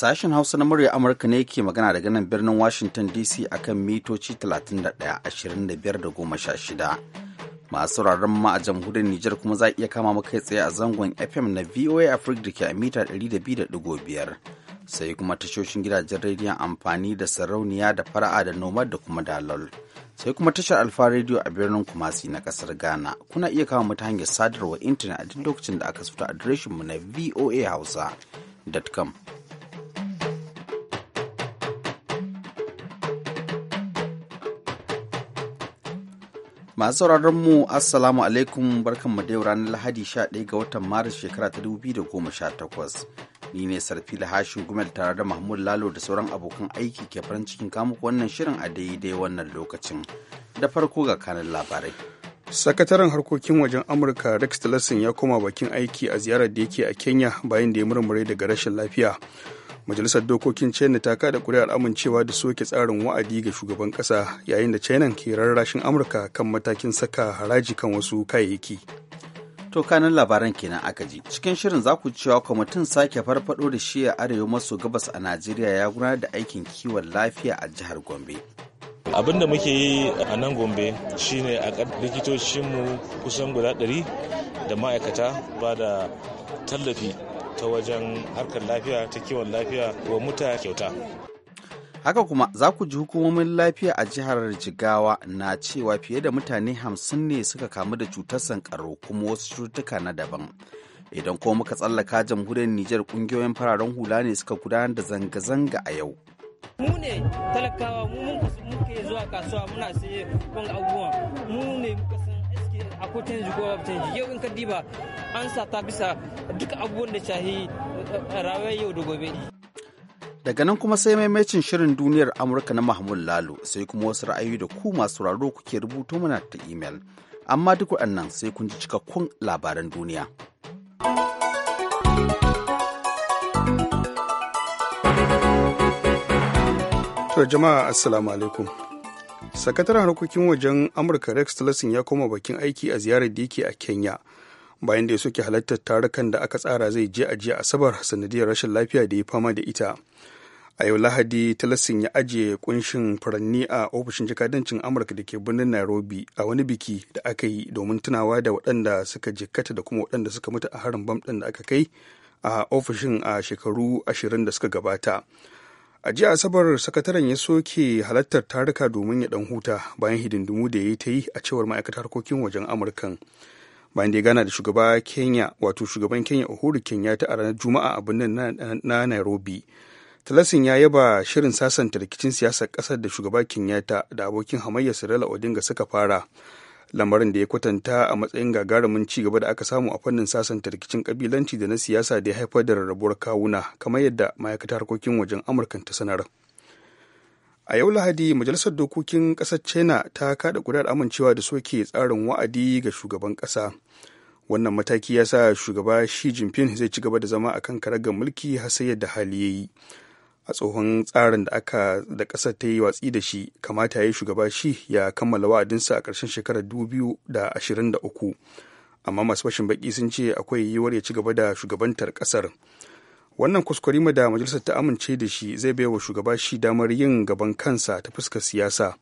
Sashen Hausa na murya Amurka ne ke magana daga nan birnin Washington DC a kan mitoci 31-25-16. Masu sauraron ma a jamhuriyar Nijar kuma za iya kama mu kai tsaye a zangon FM na VOA Africa da ke a mita 200.5. Sai kuma tashoshin gidajen rediyon amfani da sarauniya da fara'a da nomad da kuma dalol. Sai kuma tashar Alfa rediyo a birnin Kumasi na kasar Ghana. Kuna iya kama mu hanyar sadarwa intanet a duk lokacin da aka fita adireshinmu na voa voahausa.com. masu sauraron mu assalamu alaikum barkan mu yau ranar lahadi 11 ga watan maris shekara ta 2018 ni ne sarfi hashin gumel tare da mahmud lalo da sauran abokan aiki ke farin cikin kamuku wannan shirin a daidai wannan lokacin da farko ga kanin labarai sakataren harkokin wajen amurka rex tillerson ya koma bakin aiki a ziyarar da yake a kenya bayan da ya murmure daga rashin lafiya majalisar dokokin china ta kada kuri'ar amincewa da soke tsarin wa'adi ga shugaban kasa yayin da china ke rarrashin amurka kan matakin saka haraji kan wasu kayayyaki to kanan labaran kenan aka ji cikin shirin za ku cewa kwamitin sake farfado da shi a arewa maso gabas a najeriya ya gudanar da aikin kiwon lafiya a jihar gombe abin da muke yi a nan gombe shine a likitocinmu kusan guda ɗari da ma'aikata ba da tallafi ta wajen harkar lafiya ta kiwon lafiya wa mutane kyauta haka kuma za ku ji hukumomin lafiya a jihar jigawa na cewa fiye da mutane hamsin ne suka kamu da cutar sankarau kuma wasu cutuka na daban idan kuma muka tsallaka jamhuriyar nijar kungiyoyin fararen hula ne suka gudanar da zanga-zanga a yau mu ne talakawa mu muke zuwa kasuwa muna saye abubuwa mu ne muka canji bisa duka abubuwan da shahi eh, rayuwar yau da gobe daga nan kuma sai maimacin shirin duniyar amurka na mahmud lalo sai kuma wasu ra'ayoyi da ku masu raro kuke rubuto mana ta imel amma duk waɗannan sai kun ji cikakkun labaran duniya to jama'a assalamu alaikum sakataren harkokin wajen amurka rex tillerson ya koma bakin aiki a ziyarar da yake a kenya bayan da ya soke halartar tarukan da aka tsara zai je a jiya asabar sanadiyar rashin lafiya da ya fama da ita a yau lahadi tillerson ya ajiye kunshin furanni a ofishin jakadancin amurka da ke birnin nairobi a wani biki da aka yi domin tunawa da waɗanda suka jikkata da kuma waɗanda suka mutu a harin bam ɗin da aka kai a ofishin a shekaru ashirin da suka gabata a jiya asabar sakataren ya soke halartar taruka domin ya dan huta bayan hidindimu da ya yi ta yi a cewar ma'aikatar harkokin wajen amurkan bayan da ya gana da shugaba kenya wato shugaban kenya uhuru kenyatta a ranar juma'a a birnin na nairobi talasin ya yaba shirin sasanta rikicin siyasar kasar da shugaba kenyatta da abokin hamayya sirila odinga suka fara lamarin da ya kwatanta a matsayin gagarumin ci gaba da aka samu a fannin sasanta rikicin kabilanci da na siyasa da ya haifar da rarrabuwar kawuna kamar yadda ma'aikatar harkokin wajen amurka ta sanar a yau lahadi majalisar dokokin ƙasar china ta kada kudar amincewa da soke tsarin wa'adi ga shugaban ƙasa wannan mataki ya sa shugaba shi jinping zai ci gaba da zama a kan karagar mulki har sai yadda hali ya yi a tsohon tsarin da aka da ƙasar ta yi watsi da shi kamata ya yi shugaba shi ya kammala wa'adinsa a ƙarshen shekarar da da ashirin uku amma masu fashin baƙi sun ce akwai yiwuwar ya ci gaba da shugabantar ƙasar wannan ma da majalisar ta amince da shi zai bai wa shugaba shi damar yin gaban kansa ta fuskar siyasa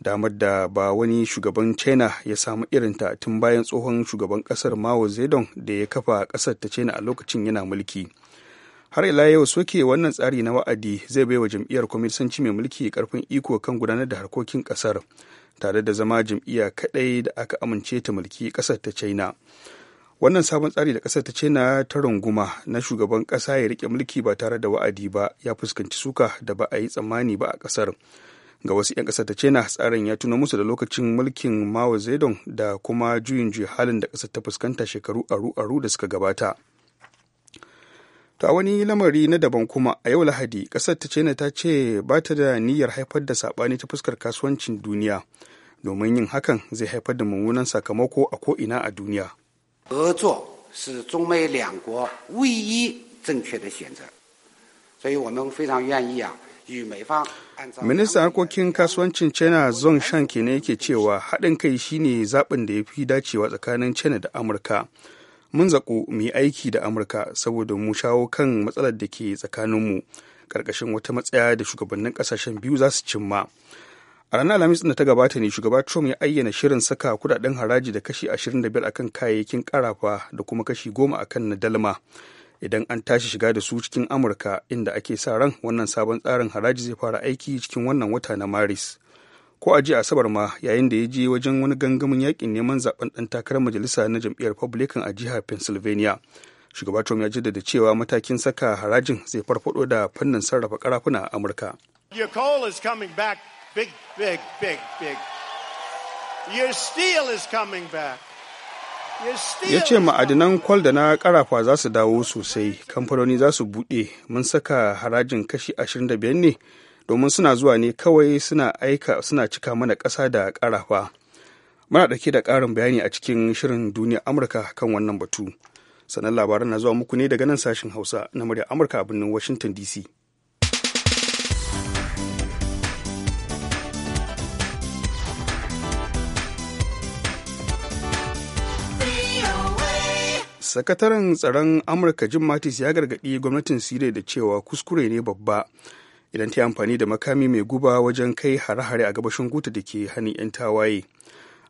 damar da ba wani shugaban china ya samu irinta tun bayan tsohon shugaban ƙasar mao zedong da ya kafa ƙasar ta china a lokacin yana mulki har ila yau soke wannan tsari na wa'adi zai baiwa jam'iyyar kwamisanci mai mulki karfin iko kan gudanar da harkokin kasar tare da zama jam'iyya kadai da aka amince ta mulki kasar ta china wannan sabon tsari da kasar ta china ta runguma na shugaban kasa ya rike mulki ba tare da wa'adi ba ya fuskanci suka da ba a yi tsammani ba a kasar ga wasu 'yan kasar ta china tsarin ya tuna musu da lokacin mulkin mao zedong da kuma juyin juya halin da kasar ta fuskanta shekaru aru-aru da suka gabata ta wani lamari na daban kuma a yau Lahadi kasar ta China ta ce ba ta da niyyar haifar da saɓani ta fuskar kasuwancin duniya domin yin hakan zai haifar da mummunan sakamako a ko'ina a duniya. Ministan harkokin kasuwancin China Zhong Shan ne yake cewa haɗin kai shine zaɓin da ya fi dacewa tsakanin China da Amurka. mun zaƙo mu yi aiki da amurka saboda mu shawo kan matsalar da ke tsakaninmu ƙarƙashin wata matsaya da shugabannin ƙasashen biyu za su cimma a ranar alhamis da ta gabata ne shugaba trump ya ayyana shirin saka kudaden haraji da kashi 25 akan kayayyakin karafa da kuma kashi 10 akan na dalma idan an tashi shiga da su cikin amurka inda ake sa ran wannan sabon tsarin haraji zai fara aiki cikin wannan wata na maris ko a jiya asabar ma yayin da ya je wajen wani gangamin yakin neman zaben dan takarar majalisa na jam'iyyar republican a jihar pennsylvania shugaba trump ya jaddada cewa matakin saka harajin zai farfado da fannin sarrafa karafuna a amurka Your coal is ya ce ma'adinan kwal da na karafa za su dawo sosai kamfanoni za su buɗe mun saka harajin kashi 25 ne domin suna zuwa ne kawai suna aika suna cika mana ƙasa da ƙarafa muna ɗauke da ƙarin bayani a cikin shirin duniya amurka kan wannan batu sannan labaran na zuwa muku ne daga nan sashen hausa na murya amurka a birnin washington dc sakataren tsaron amurka jim mattis ya gargaɗi gwamnatin siriya da cewa kuskure ne babba idan ta yi amfani da makami mai guba wajen kai hare-hare a gabashin guta da ke hannun 'yan tawaye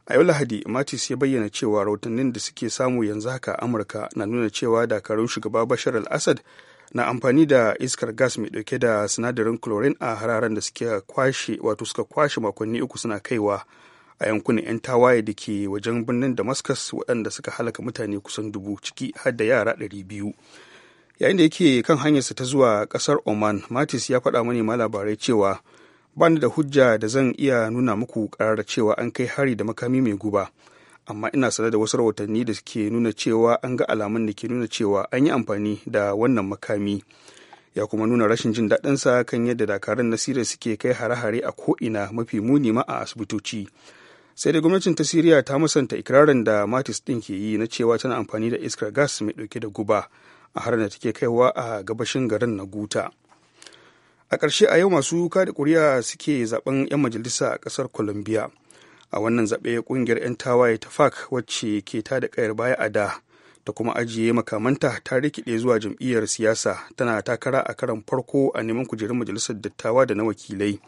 a yau lahadi matis ya bayyana cewa rahotannin da suke samu yanzu haka amurka na nuna cewa dakarun shugaba bashar al-assad na amfani da iskar gas mai dauke da sinadarin chlorine a hararen da suke kwashe wato suka kwashe makonni uku suna kaiwa a yankunan 'yan tawaye da ke wajen birnin damascus waɗanda suka halaka mutane kusan dubu ciki har da yara 200 yayin da yake kan hanyarsa ta zuwa kasar oman matis ya faɗa mani ma labarai cewa ba da hujja da zan iya nuna muku karar cewa an kai hari da makami mai guba amma ina sanar da wasu rahotanni da ke nuna cewa an ga alamun da ke nuna cewa an yi amfani da wannan makami ya kuma nuna rashin jin daɗinsa kan yadda dakarun na siriya suke kai hare-hare a ko'ina mafi muni ma a asibitoci sai dai gwamnatin ta siriya ta musanta ikirarin da matis ɗin ke yi na cewa tana amfani da iskar gas mai ɗauke da guba a harin da take kaiwa a gabashin garin na guta a ƙarshe a yau masu kada kuri'a suke zaben 'yan majalisa a ƙasar colombia a wannan zaɓe ƙungiyar 'yan tawaye ta fac wacce ke ta da ƙayar baya a da ta kuma ajiye makamanta ta rikide zuwa jam'iyyar siyasa tana takara a karan farko a neman kujerun majalisar dattawa da na wakilai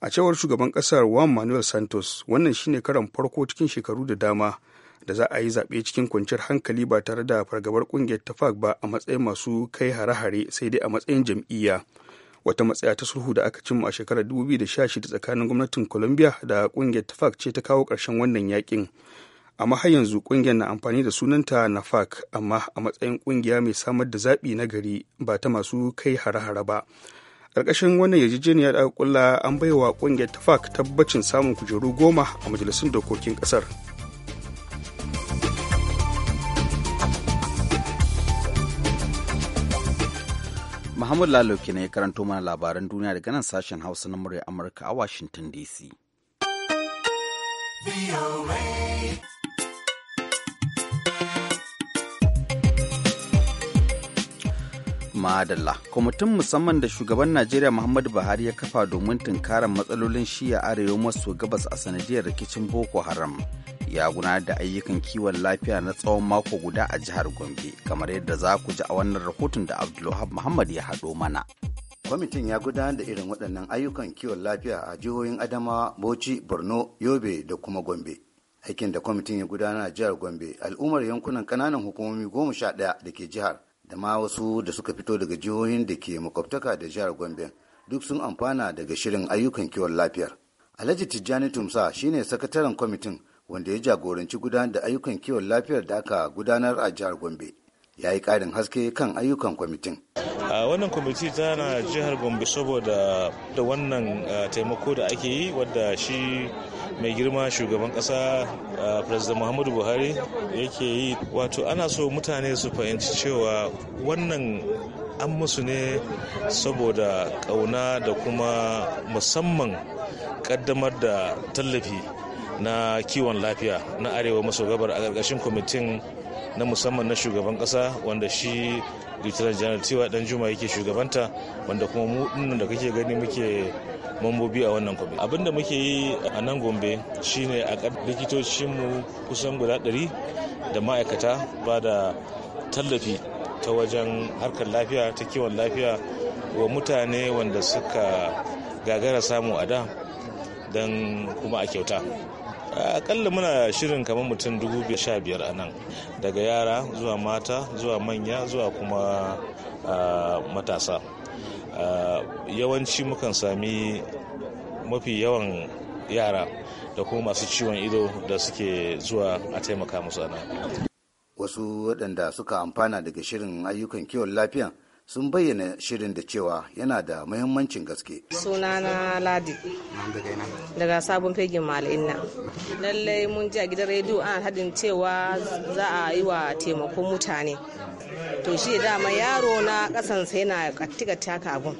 a cewar shugaban ƙasar juan manuel santos wannan shine karan farko cikin shekaru da dama da za a yi zaɓe cikin kwanciyar hankali ba tare da fargabar ƙungiyar ta fak ba a matsayin masu kai hare-hare sai dai a matsayin jam'iyya wata matsaya ta sulhu da aka cimma a shekarar 2016 tsakanin gwamnatin colombia da ƙungiyar ta tafak ce ta kawo ƙarshen wannan yakin amma har yanzu ƙungiyar na amfani da sunanta na fak amma a matsayin ƙungiya mai samar da zaɓi na gari ba ta masu kai hare-hare ba ƙarƙashin wannan yarjejeniyar da aka kulla an baiwa ƙungiyar ta tafak tabbacin samun kujeru goma a majalisun dokokin ƙasar Muhammadu Lalo ke ya karanto mana labaran duniya daga nan sashen Hausa na murya Amurka a Washington DC. Madalla, kwamitin musamman da shugaban Najeriya Muhammadu Buhari ya kafa domin tunkarar matsalolin shiya arewa maso gabas a sanadiyar rikicin Boko Haram ya gudanar da ayyukan kiwon lafiya na tsawon mako guda a jihar Gombe, kamar yadda za ku ji a wannan rahoton da Abdulwahab Muhammad ya haɗo mana. Kwamitin ya gudanar da irin waɗannan ayyukan kiwon lafiya a jihohin Adamawa, Bauchi, Borno, Yobe da kuma Gombe. Aikin da kwamitin ya gudanar a jihar Gombe, al'ummar yankunan ƙananan hukumomi goma sha ɗaya da ke jihar, da ma wasu da suka fito daga jihohin da ke makwabtaka da jihar Gombe, duk sun amfana daga shirin ayyukan kiwon lafiyar. Alhaji Tijjani Tumsa shine sakataren kwamitin wanda ya jagoranci gudanar da ayyukan kiwon lafiyar da aka gudanar a jihar Gombe. ya yi ƙarin haske kan ayyukan kwamitin. a wannan kwamiti tana jihar gombe saboda da wannan taimako da ake yi wadda shi mai girma shugaban ƙasa president muhammadu buhari yake yi wato ana so mutane su fahimci cewa wannan an musu ne saboda ƙauna da kuma musamman ƙaddamar da tallafi na kiwon lafiya na arewa maso gabar a ƙarƙashin kwamitin na musamman na shugaban kasa wanda shi lieutenant general tiwa dan juma yake shugabanta wanda kuma mu dinnan da kake gani muke mambobi a wannan kwamitin. abin da muke yi a nan gombe shine a likitocinmu kusan guda ɗari da ma'aikata ba da tallafi ta wajen harkar lafiya ta kiwon lafiya wa mutane wanda suka gagara samu a da don kuma a kyauta akalla muna shirin kamar mutum dubu biyar a nan daga yara zuwa mata zuwa manya zuwa kuma matasa yawanci mukan sami mafi yawan yara da kuma masu ciwon ido da suke zuwa a taimaka musu ana wasu waɗanda suka amfana daga shirin ayyukan kiwon lafiya sun bayyana shirin da cewa yana da mahimmancin gaske. Sunana Ladi. Daga sabon fegin mal'inna. Lallai mun ji a gidan rediyo ana haɗin cewa za a yi wa taimakon mutane. To shi dama yaro na kasansa yana taka abun.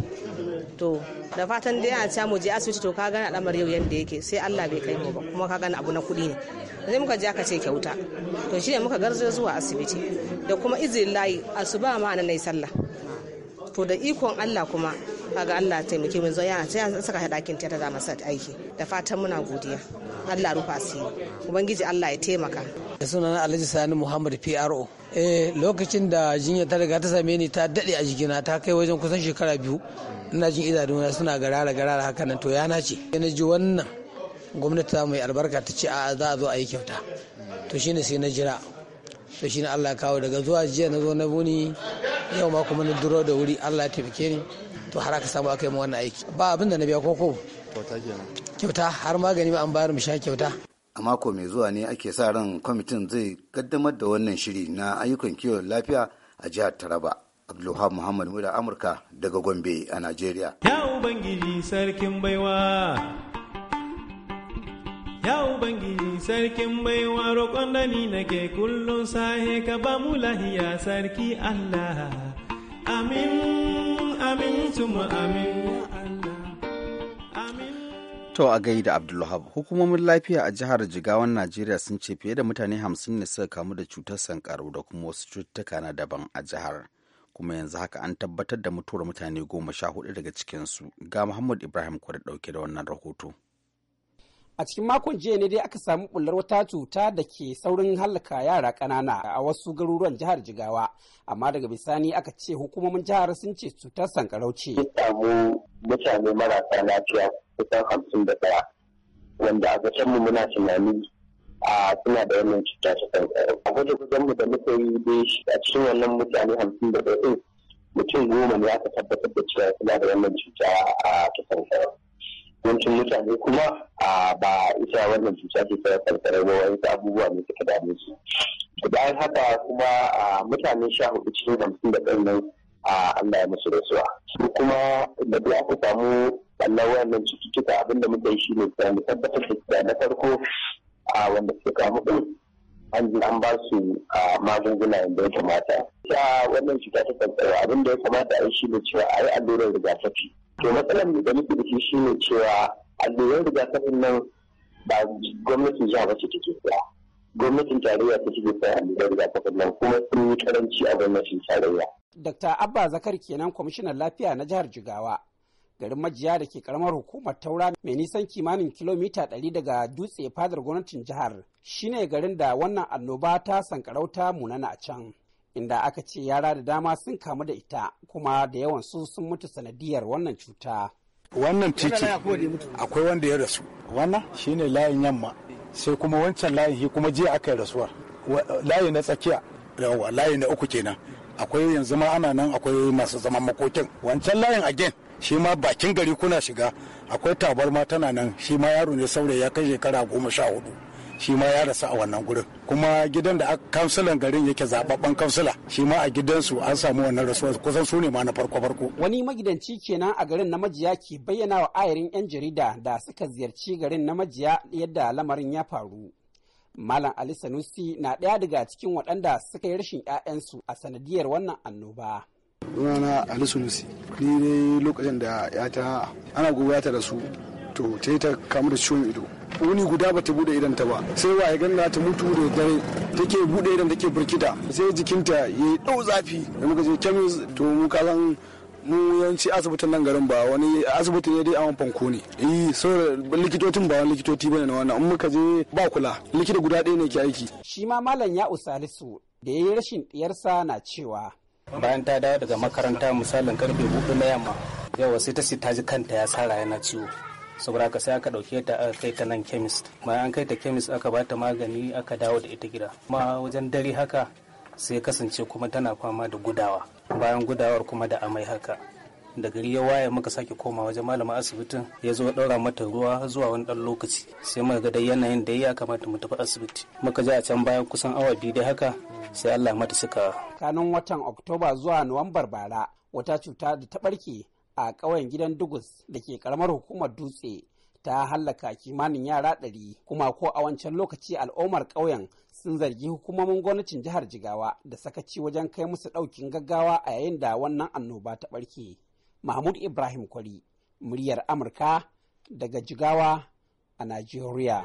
to da fatan dai ana mu je asibiti to ka gani al'amar yau yadda yake sai Allah bai kai mu ba kuma ka gani abu na kuɗi ne sai muka je ka ce kyauta to shi ne muka garzo zuwa asibiti da kuma izin layi asuba ma na nayi sallah to da ikon Allah kuma kaga Allah taimake mu yana ta saka dakin ta da sa aiki da fatan muna godiya Allah rufa asiri ubangiji Allah ya taimaka da sunan Alhaji Sani Muhammad PRO eh lokacin da jinya ta riga ta same ni ta dade a jikina ta kai wajen kusan shekara biyu ina jin idanuna suna garara garara haka nan to yana ce na ji wannan gwamnati ta mai albarka ta ce a za a zo a yi kyauta to shine sai na jira to shine Allah ya kawo daga zuwa jiya na zo na buni yau ma kuma na duro da wuri Allah ya taimake ni to har aka samu aka yi wannan aiki ba abin na biya koko kyauta kyauta har magani ba an bayar mu sha kyauta a mako mai zuwa ne ake sa ran kwamitin zai kaddamar da wannan shiri na ayyukan kiwon lafiya a jihar Taraba Abdulhab Muhammad Muda Amurka daga Gombe a Najeriya ya ubangiji sarkin baiwa Ya Ubangiji sarkin baiwa roƙon da nake kullum sahe ka ba mu lahiya sarki Allah. Amin, amin, tuma amin. To a gaida Abdullahab, hukumomin lafiya a jihar Jigawan Najeriya sun ce fiye da mutane hamsin ne suka kamu da cutar sankaru da kuma wasu cututtuka na daban a jihar. Kuma yanzu haka an tabbatar da mutuwar mutane goma sha hudu daga cikinsu. Ga Muhammad Ibrahim Kwari dauke da wannan rahoto. A cikin makon jiya ne dai aka samu bullar wata cuta da ke saurin halaka yara ƙanana a wasu garuruwan jihar Jigawa, amma daga bisani aka ce hukumomin jihar sun ce cutar sankarau ce. samu mutane marasa lafiya kusan hamsin da ɗaya, wanda a zaton mu muna tunani a suna da wannan cuta ta sankarau. A gwaje gwajen mu da muka yi dai a cikin wannan mutane hamsin da ɗaya mutum goma ne aka tabbatar da cewa suna da wannan cuta a ta sankarau. yawancin mutane kuma a ba ita wannan cuta ke fara karkara ba wani abubuwa ne suka dame su bayan haka kuma a mutane sha hudu cikin hamsin da ɗan nan Allah ya musu rasuwa su kuma da duk aka samu ɓallar wayannan cututtuka abinda muka yi shi ne mu tabbatar da cuta na farko a wanda suka kamu ɗin an ji an ba su magunguna yadda ya kamata. Ta wannan cuta ta kankara abinda ya kamata a yi shi ne cewa a yi allurar rigakafi. to matsalar da nake da shi shine cewa alluran rigakafin nan ba gwamnatin jiha ba ce take kuwa. gwamnatin tarayya ta take saya alluran rigakafin nan kuma sun yi karanci a gwamnatin tarayya. Dr. Abba Zakar kenan kwamishinan lafiya na jihar Jigawa. garin majiya da ke karamar hukumar taura mai nisan kimanin kilomita 100 daga dutse fadar gwamnatin jihar shine garin da wannan annoba ta sankarauta munana a can. inda aka ce yara da dama sun kamu da ita kuma da yawan su sun mutu sanadiyar wannan cuta. Wannan titi akwai wanda ya rasu. Wannan shine layin yamma sai kuma wancan layin shi kuma jiya aka yi rasuwa. Layi na tsakiya yawa layi na uku kenan. Akwai yanzu ma ana nan akwai masu zaman makokin. Wancan layin again shi ma bakin gari kuna shiga akwai tabarma tana nan shi ma yaro ne saurayi ya kai shekara goma sha hudu. shi ma ya rasu a wannan gurin kuma gidan da kansilan garin yake zababban kansila shi ma a gidansu an samu wannan rasuwar kusan su ne ma na farko farko wani magidanci kenan a garin na majiya ke bayyana wa ayarin yan jarida da suka ziyarci garin na majiya yadda lamarin ya faru Malam Ali Sanusi na ɗaya daga cikin waɗanda suka yi rashin 'ya'yansu a sanadiyar wannan annoba. Sunana Ali Sanusi, ni dai lokacin da 'yata ana gobe ta da su, to ta yi ta da ciwon ido. wuni guda bata bude idan ta ba sai wa ya ganna ta mutu da dare take bude idan take burkita sai jikinta ya yi dau zafi da muka je chemist to mu kalan mu yanci asibitin nan garin ba wani asibiti ne dai wani fanko ne eh so likitocin ba wani likitoci bane na wannan in muka je ba kula likita guda ɗaya ne ke aiki shi ma malam ya usalisu da yayi rashin diyarsa na cewa bayan ta dawo daga makaranta misalin karfe hudu na yamma yawa sai ta ce ta ji kanta ya sara yana ciwo saboda haka sai aka ɗauke ta aka kai ta nan chemist bayan an kai ta chemist aka bata magani aka dawo da ita gida Ma wajen dare haka sai kasance kuma tana fama da gudawa bayan gudawar kuma da amai haka da gari ya waye muka sake koma wajen malamin asibitin ya zo ɗaura mata ruwa zuwa wani dan lokaci sai muka ga dai yanayin da ya kamata mu tafi asibiti muka ji a can bayan kusan awa biyu dai haka sai Allah mata suka kanin watan Oktoba zuwa Nuwambar bara wata cuta da ta barke a ƙauyen gidan Dugus da ke karamar hukumar Dutse ta hallaka kimanin yara ɗari kuma ko a wancan lokaci al'ummar ƙauyen sun zargi hukumomin gwamnatin jihar Jigawa da sakaci wajen kai musu ɗaukin gaggawa a yayin da wannan annoba ta ɓarke. Mahmud Ibrahim Kwari, muryar Amurka daga Jigawa a Najeriya.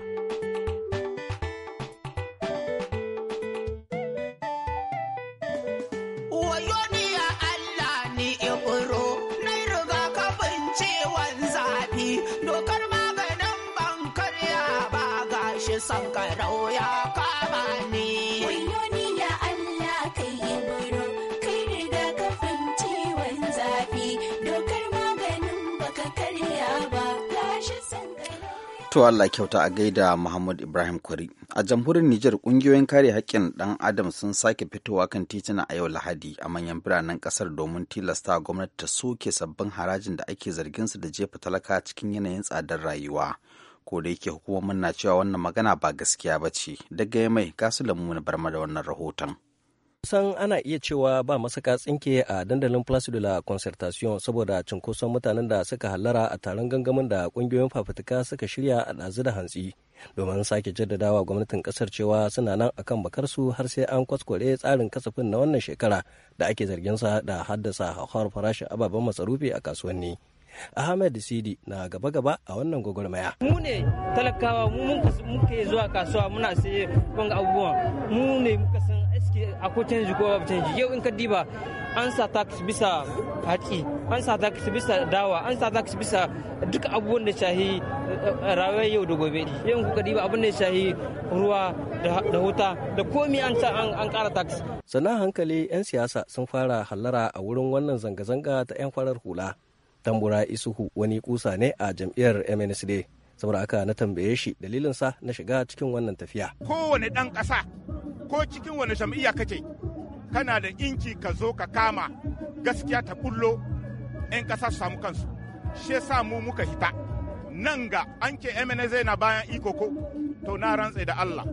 To Allah kyauta a gaida Muhammad Ibrahim Kwari. A jamhuriyar Nijar kungiyoyin kare haƙƙin ɗan Adam sun sake fitowa kan titina a yau Lahadi a manyan biranen ƙasar domin tilasta gwamnati ta soke sabbin harajin da ake zargin su da jefa talaka cikin yanayin tsadar rayuwa. Ko da yake hukumomin na cewa wannan magana ba gaskiya ba ce. Daga mai su lamu na barma da wannan rahoton. kusan ana iya cewa ba masaka tsinke a dandalin Place de la Concertation saboda cunkoson mutanen da suka hallara a taron gangamin da kungiyoyin fafutuka suka shirya a ɗazu da hantsi domin sake jaddadawa gwamnatin kasar cewa suna nan akan su har sai an kwaskware tsarin kasafin na wannan shekara da ake zargin sa da haddasa hauhawar farashin ababen masarufi a kasuwanni. Ahmed Sidi na gaba-gaba a wannan gwagwarmaya. Mu ne talakawa mu muke zuwa kasuwa muna saye abubuwan mu ne muka san gaske akwai canji ko babu canji yau in ka diba an sa tax bisa haƙi an sa tax bisa dawa an sa tax bisa duka abubuwan da shahi eh, eh, rayuwar yau da gobe yau kuka diba abin da shahi ruwa da huta da komi an sa an kara tax sannan hankali 'yan siyasa sun fara hallara a wurin wannan zanga-zanga ta 'yan farar hula tambura isuhu wani kusa ne a jam'iyyar mnsd saboda aka na tambaye shi dalilinsa na shiga cikin wannan tafiya kowane ɗan kasa ko cikin wani jam'iyya kake kana da inki ka zo ka kama gaskiya ta kullo 'yan kasa su samu kansu she sa mu muka hita nan ga an ke mnz na bayan iko ko to na rantse da allah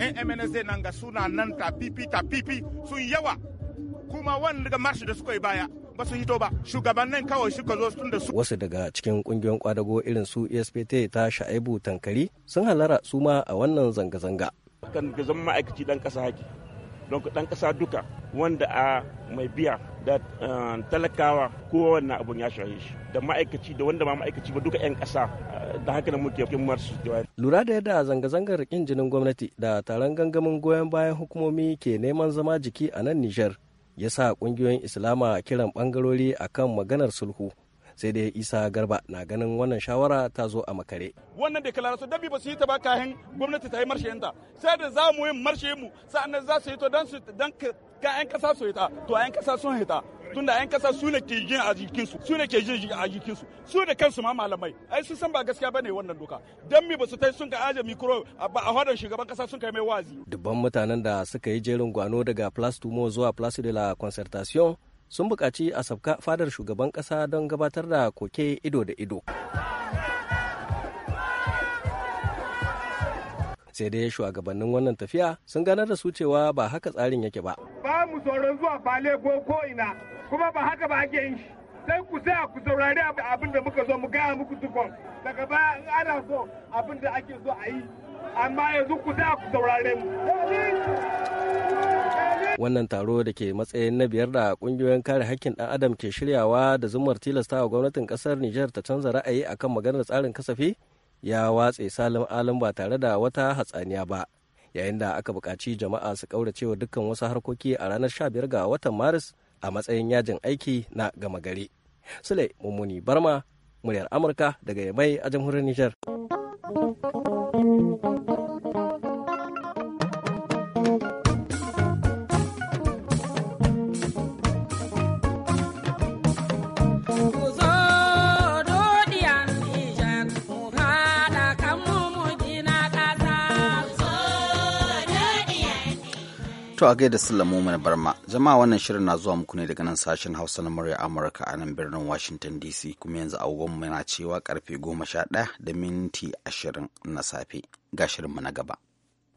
'yan mnz nan ga suna nan ta pipi ta pipi sun yawa kuma wanda marshi da suka yi baya ba su hito ba shugabannin kawai ka zo tun da su wasu daga cikin kungiyoyin kwadago irin su ESPT ta Shaibu Tankari sun halara su ma a wannan zanga-zanga kan zama ma'aikaci dan kasa haki don dan kasa duka wanda a mai biya da eh, talakawa ko wannan abun ya shahe shi da ma'aikaci da wanda ma ma'aikaci ba duka 'yan ƙasa da haka da muke kin marsu lura da yadda zanga-zangar kin jinin gwamnati da taron gangamin goyon bayan hukumomi ke neman zama jiki a nan Nijar ya sa ƙungiyoyin islama kiran bangarori akan maganar sulhu sai dai isa garba na ganin wannan shawara ta zo a makare wannan da su dabi ba su yi ta ba kayan gwamnati ta yi marshayinta sai da za mu yi marshe mu sa'annan za su yi to don kayan kasa su ta to ayan kasa sun yi ta. tunda yan kasa su ne ke jin a jikinsu su ne ke jin a jikinsu su da kansu ma malamai ai su san ba gaskiya bane wannan doka dan mi ba su tai sun ka aje mikro a hadan shugaban kasa sun kai mai wazi dubban mutanen da suka yi jerin gwano daga Place Tumo zuwa Place de la Concertation sun bukaci a sabka fadar shugaban kasa don gabatar da koke ido da ido. sai dai shugabannin wannan tafiya sun ganar da su cewa ba haka tsarin yake ba ba mu tsoron zuwa bale ko ko ina kuma ba haka ba ake yin shi sai ku sai ku saurari abin da muka zo mu gaya muku tukon daga baya in ana so abin da ake so a yi amma yanzu ku sai ku saurare mu wannan taro da ke matsayin na biyar da kungiyoyin kare hakkin ɗan adam ke shiryawa da zumar tilastawa gwamnatin ƙasar Nijar ta canza ra'ayi akan maganar tsarin kasafi ya watse salin alin ba tare da wata hatsaniya ba yayin da aka buƙaci jama'a su ƙauracewa dukkan wasu harkoki a ranar sha biyar ga watan maris a matsayin yajin aiki na gama gari sule mummuni barma muryar amurka daga yamai a jamhuriyar nijar. To a gaida Sulamu mana barma, jama'a wannan shirin na zuwa muku ne daga nan sashen Hausa na murya Amurka a nan birnin Washington DC kuma yanzu agogon na cewa karfe goma sha ɗaya da minti ashirin na safe ga shirinmu na gaba.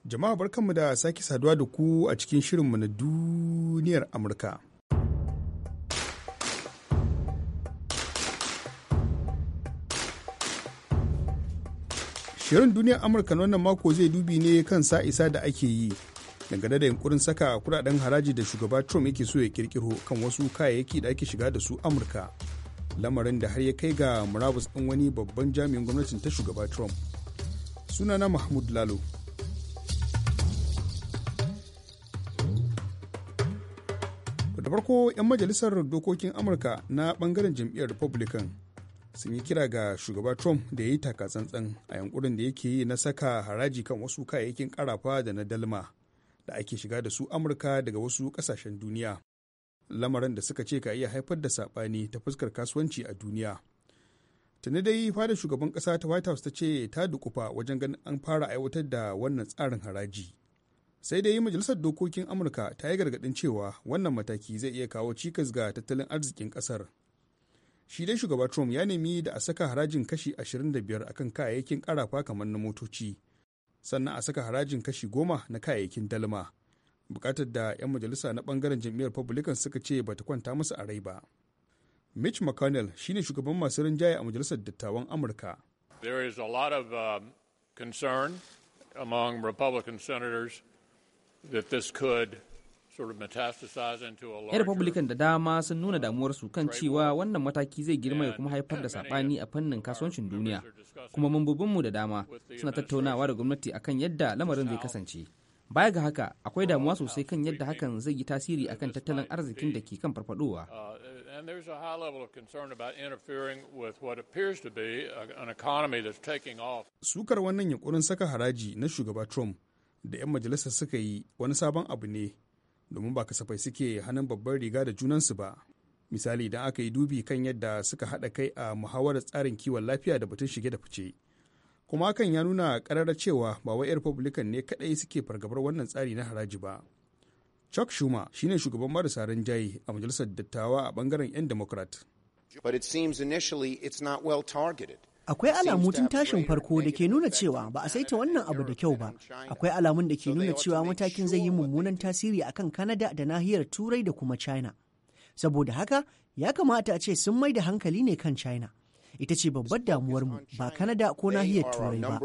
Jama'a barkanmu da sake saduwa da ku a cikin shirin mu na duniyar Amurka. Shirin duniyar Amurka na wannan mako zai dubi ne kan sa isa da ake yi dangane da yankurin saka kudaden haraji da shugaba trump yake so ya kirkiro kan wasu kayayyaki da ake shiga da su amurka lamarin da har ya kai ga murabus ɗin wani babban jami'in gwamnatin ta shugaba trump sunana mahmud lalo da farko 'yan majalisar dokokin amurka na bangaren jam'iyyar republican sun yi kira ga shugaba trump da ya yi takatsantsan a yankurin da yake yi na saka haraji kan wasu kayayyakin karafa da na dalma da ake shiga da su amurka daga wasu kasashen duniya lamarin da suka ce ka iya haifar da saɓani ta fuskar kasuwanci a duniya tuni dai fada shugaban ƙasa ta white house ta ce ta dukufa wajen ganin an fara aiwatar da wannan tsarin haraji sai dai majalisar dokokin amurka ta yi gargaɗin cewa wannan mataki zai iya kawo cikas ga tattalin arzikin ƙasar shi dai shugaba trump ya nemi da a saka harajin kashi 25 akan kayayyakin ƙarafa kamar na motoci sannan a saka harajin kashi goma na kayayyakin dalma bukatar da 'yan majalisa na bangaren jam'iyyar republican suka ce bata kwanta musu a rai ba mitch mcconnell shine shugaban masu rinjaye a majalisar dattawan amurka there is a lot of uh, concern among republican senators that this could 'Yan Republican da dama sun nuna damuwarsu kan cewa wannan mataki zai girma ya kuma haifar da saɓani a fannin kasuwancin duniya, kuma mambobinmu da dama suna tattaunawa da gwamnati akan yadda lamarin zai kasance. Baya ga haka, akwai damuwa sosai kan yadda hakan zai yi tasiri uh, akan tattalin arzikin da ke kan farfadowa. Uh, uh, Sukar wannan yankurin saka haraji na shugaba Trump da 'yan majalisa suka yi wani sabon abu ne domin ba kasafai suke hannun babbar riga da junansu ba misali idan aka yi dubi kan yadda suka haɗa kai a muhawarar tsarin kiwon lafiya da batun shige da fice kuma hakan ya nuna karara cewa ba wai republican ne kaɗai suke fargabar wannan tsari na haraji ba chuck schumer shine shugaban marasa rinjaye a majalisar dattawa a bangaren 'yan democrat but it seems initially it's not well targeted akwai alamu tun tashin farko da ke nuna cewa ba a saita wannan abu da kyau ba akwai alamun da ke nuna cewa matakin zai yi mummunan tasiri akan kanada da nahiyar turai da kuma china saboda haka ya kamata a ce sun mai da hankali ne kan china ita ce babbar damuwarmu ba kanada ko nahiyar turai ba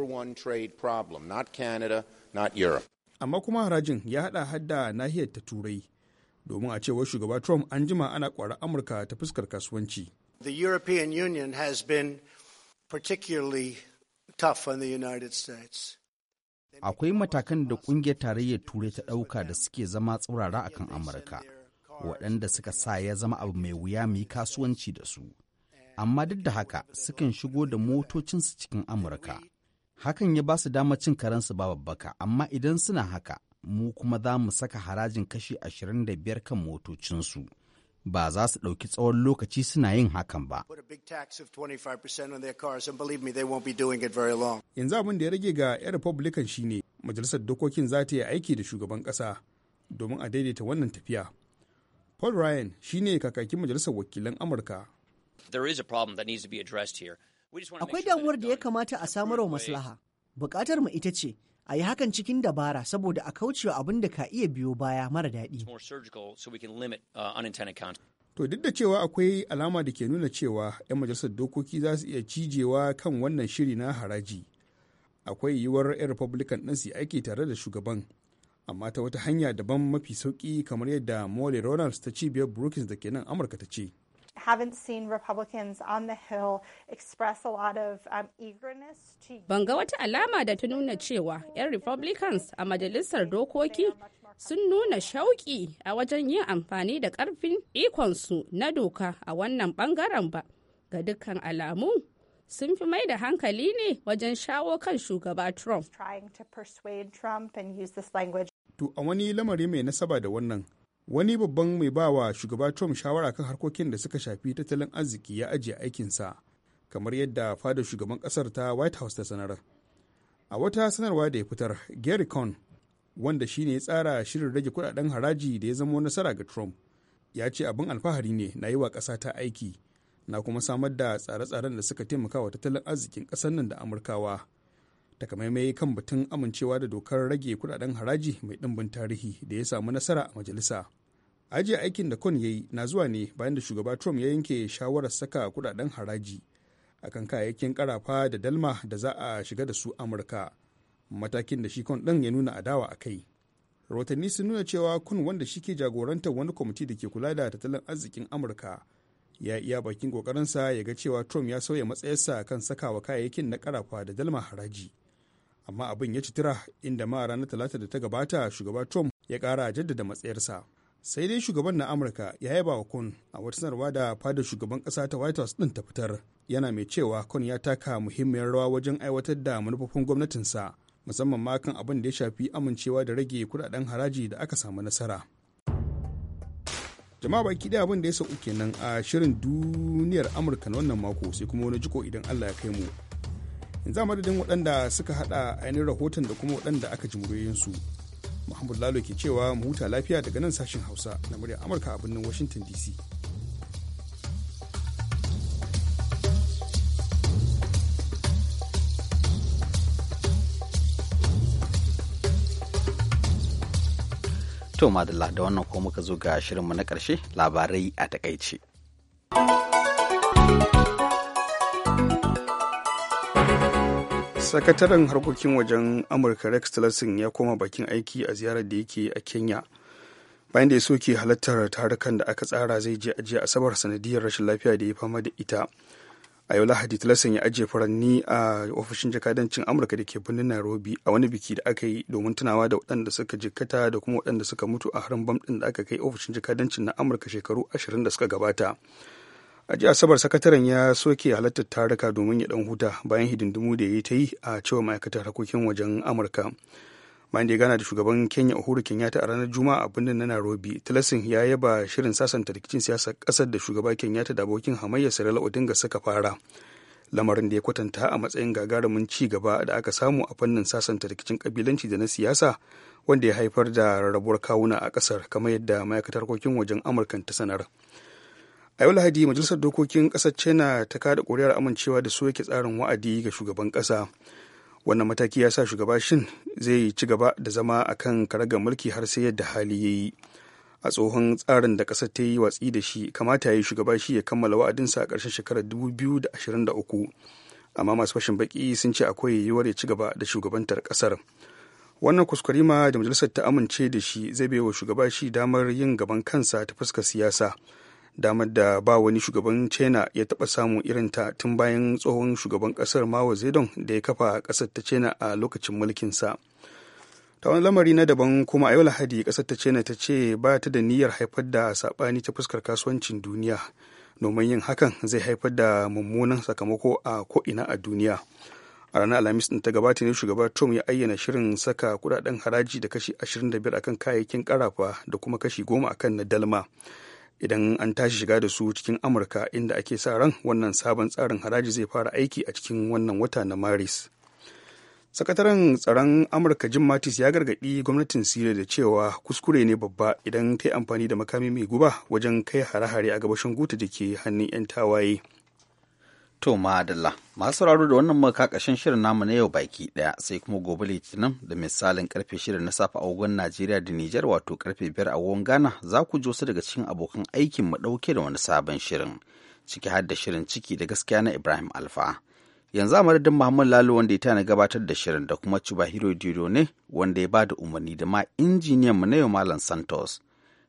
amma kuma harajin ya hada hadda nahiyar ta turai domin a cewar shugaba trump an jima ana kwara amurka ta fuskar kasuwanci the european union has been particularly tough on United States. Akwai matakan da ƙungiyar tarayyar Turai ta ɗauka da suke zama tsaurara a kan Amurka, waɗanda suka sa ya zama abu mai wuya mu yi kasuwanci da su. Amma duk da haka sukan shigo da motocinsu cikin Amurka. Hakan ya ba su dama cin karensu ba babbaka, amma idan suna haka, mu kuma za mu saka harajin kashi 25 kan motocinsu. ba za su ɗauki tsawon lokaci suna yin hakan ba. Yanzu abin da ya rage ga 'yan Republican shine majalisar dokokin za ta yi aiki da shugaban ƙasa domin a daidaita wannan tafiya. Paul Ryan shine kakakin majalisar wakilan Amurka. Akwai damuwar da ya kamata a samar wa maslaha. Bukatar mu ita ce a yi hakan cikin dabara saboda a kaucewa abin da ka iya biyo baya mara daɗi. Uh, to duk da cewa akwai alama da ke nuna cewa 'yan majalisar dokoki za su iya cijewa kan wannan shiri na haraji. Akwai yiwuwar 'yan Republican ɗin su aiki tare da shugaban, amma ta wata hanya daban mafi sauƙi kamar yadda Molly Ronalds ta cibiyar Brookings da ke nan Amurka ta ce. haven't seen Republicans on the Hill express a lot of um, eagerness to. Ban ga wata alama da ta nuna cewa 'yan Republicans a Majalisar Dokoki sun nuna shauƙi a wajen yin amfani da ƙarfin ikonsu na doka a wannan ɓangaren ba. Ga dukkan alamu, sun fi mai da hankali ne wajen shawo kan shugaba Trump. To a wani lamari mai nasaba da wannan wani babban mai bawa shugaba trump shawara kan harkokin da suka shafi tattalin arziki ya ajiye aikinsa kamar yadda fadar shugaban kasar ta white house ta sanar a wata sanarwa da ya fitar gary cohn wanda shine ya tsara shirin rage kudaden haraji da ya zamo nasara ga trump ya ce abin alfahari ne na yi wa kasa ta aiki na kuma samar da tsare-tsaren da suka taimaka wa tattalin arzikin ƙasar nan da amurkawa takamaimai kan batun amincewa da dokar rage kudaden haraji mai ɗimbin tarihi da ya samu nasara a majalisa ajiye aikin da kon ya yi na zuwa ne bayan da shugaba trump ya yanke shawarar saka kudaden haraji akan kayayyakin karafa da dalma da za a shiga da su amurka matakin da shi kon ɗin ya nuna adawa a kai rahotanni sun nuna cewa kun wanda shi ke jagorantar wani kwamiti da ke kula da tattalin arzikin amurka ya iya bakin kokarinsa ya ga cewa trump ya sauya matsayarsa kan sakawa kayayyakin na karafa da dalma haraji amma abin ya ci tira inda ma ranar talata da ta gabata shugaba trump ya kara jaddada matsayarsa sai dai shugaban na amurka ya yaba wa kun a wata sanarwa da fadar shugaban kasa ta white house din ta fitar yana mai cewa kun ya taka muhimmiyar rawa wajen aiwatar da manufofin gwamnatinsa musamman ma kan abin da ya shafi amincewa da rage kudaden haraji da aka samu nasara jama'a baki ɗaya abin da ya sauke kenan a shirin duniyar amurka na wannan mako sai kuma wani jiko idan allah ya kai mu za madadin waɗanda suka haɗa ainihin rahoton da kuma waɗanda aka ji muryoyinsu muhammadu lalo ke cewa mu huta lafiya daga nan sashen hausa na murya amurka a birnin washington dc To madalla da wannan ko muka zo ga shirinmu na ƙarshe labarai a takaice. sakataren harkokin wajen amurka rex tillerson ya koma bakin aiki a ziyarar da yake a kenya bayan da ya soke halartar tarukan da aka tsara zai je ajiye asabar sanadiyar rashin lafiya da ya fama da ita a yau lahadi tillerson ya ajiye furanni a ofishin jakadancin amurka da ke birnin nairobi a wani biki da aka yi domin tunawa da waɗanda suka jikkata da kuma waɗanda suka mutu a harin bam ɗin da aka kai ofishin jakadancin na amurka shekaru ashirin da suka gabata a ji asabar sakataren ya soke halartar taruka domin ya dan huta bayan hidindimu da ya yi ta yi a cewa ma'aikatar harkokin wajen amurka bayan da ya gana da shugaban kenya uhuru kenyatta a ranar juma'a a birnin na nairobi tilasin ya yaba shirin sasanta rikicin siyasar kasar da shugaba kenyatta da abokin hamayya sirila odinga suka fara lamarin da ya kwatanta a matsayin gagarumin ci gaba da aka samu a fannin sasanta rikicin kabilanci da na siyasa wanda ya haifar da rarrabuwar kawuna a kasar kamar yadda ma'aikatar harkokin wajen amurka ta sanar a yau lahadi majalisar dokokin kasar china ta kada ƙuri'ar amincewa da su yake tsarin wa'adi ga shugaban kasa wannan mataki ya sa shugaba shin zai ci gaba da zama a kan karagar mulki har sai yadda hali ya yi a tsohon tsarin da ƙasar ta yi watsi da shi kamata ya yi shugaba shi ya kammala wa'adinsa a ƙarshen shekarar uku amma masu fashin baki sun ce akwai yiwuwar ya ci gaba da shugabantar kasar. wannan kuskure da majalisar ta amince da shi zai wa shugaba shi damar yin gaban kansa ta fuskar siyasa damar da ba wani shugaban china ya taɓa samun ta tun bayan tsohon shugaban ƙasar mao zedong da ya kafa kasar ta china a lokacin mulkinsa ta wani lamari na daban kuma a yau lahadi kasar ta china ta ce ba ta da niyyar haifar da sabani ta fuskar kasuwancin duniya domin yin hakan zai haifar da mummunan sakamako a ko'ina a duniya a ranar alhamis ta gabata ne shugaba trump ya ayyana shirin saka kudaden haraji da kashi 25 akan kayayyakin karafa da kuma kashi 10 akan na dalma idan an tashi shiga da su cikin amurka inda ake sa ran wannan sabon tsarin haraji zai fara aiki a cikin wannan wata na maris sakataren tsaron amurka jim mattis ya gargaɗi gwamnatin siriya da cewa kuskure ne babba idan ta yi amfani da makami mai guba wajen kai hare-hare a gabashin guta da ke hannun 'yan tawaye To madalla, masu sauraro da wannan maka kakashin shirin namu na yau baki ɗaya, sai kuma gobe litinin da misalin karfe shirin na safa a agogon Najeriya da Nijar wato karfe biyar a agogon Ghana za ku ji wasu daga cikin abokan aikin mu dauke da wani sabon shirin ciki har da shirin ciki da gaskiya na Ibrahim Alfa. Yanzu a madadin Muhammad Lalo wanda ya tana gabatar da shirin da kuma Chubahiro Dido ne wanda ya ba da umarni da ma injiniyan mu na yau Malam Santos.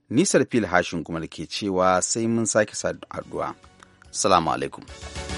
Nisar Phil hashin kuma da ke cewa sai mun sake saduwa. Salamu alaikum.